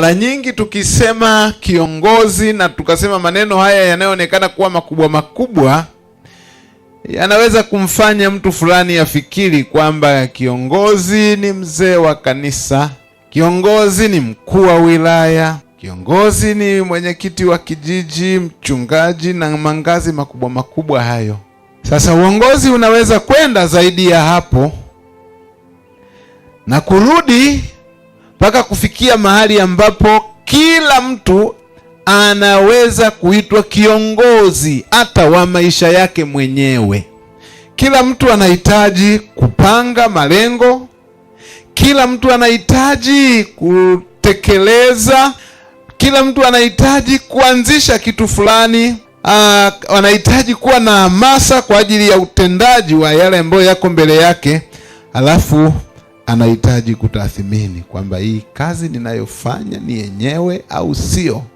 mara nyingi tukisema kiongozi na tukasema maneno haya yanayoonekana kuwa makubwa makubwa yanaweza kumfanya mtu fulani afikiri kwamba kiongozi ni mzee wa kanisa, kiongozi ni mkuu wa wilaya, kiongozi ni mwenyekiti wa kijiji, mchungaji na mangazi makubwa makubwa hayo. Sasa uongozi unaweza kwenda zaidi ya hapo na kurudi mpaka kufikia mahali ambapo kila mtu anaweza kuitwa kiongozi hata wa maisha yake mwenyewe. Kila mtu anahitaji kupanga malengo, kila mtu anahitaji kutekeleza, kila mtu anahitaji kuanzisha kitu fulani. Ah, anahitaji kuwa na hamasa kwa ajili ya utendaji wa yale ambayo yako mbele yake, alafu anahitaji kutathimini kwamba hii kazi ninayofanya ni yenyewe au sio.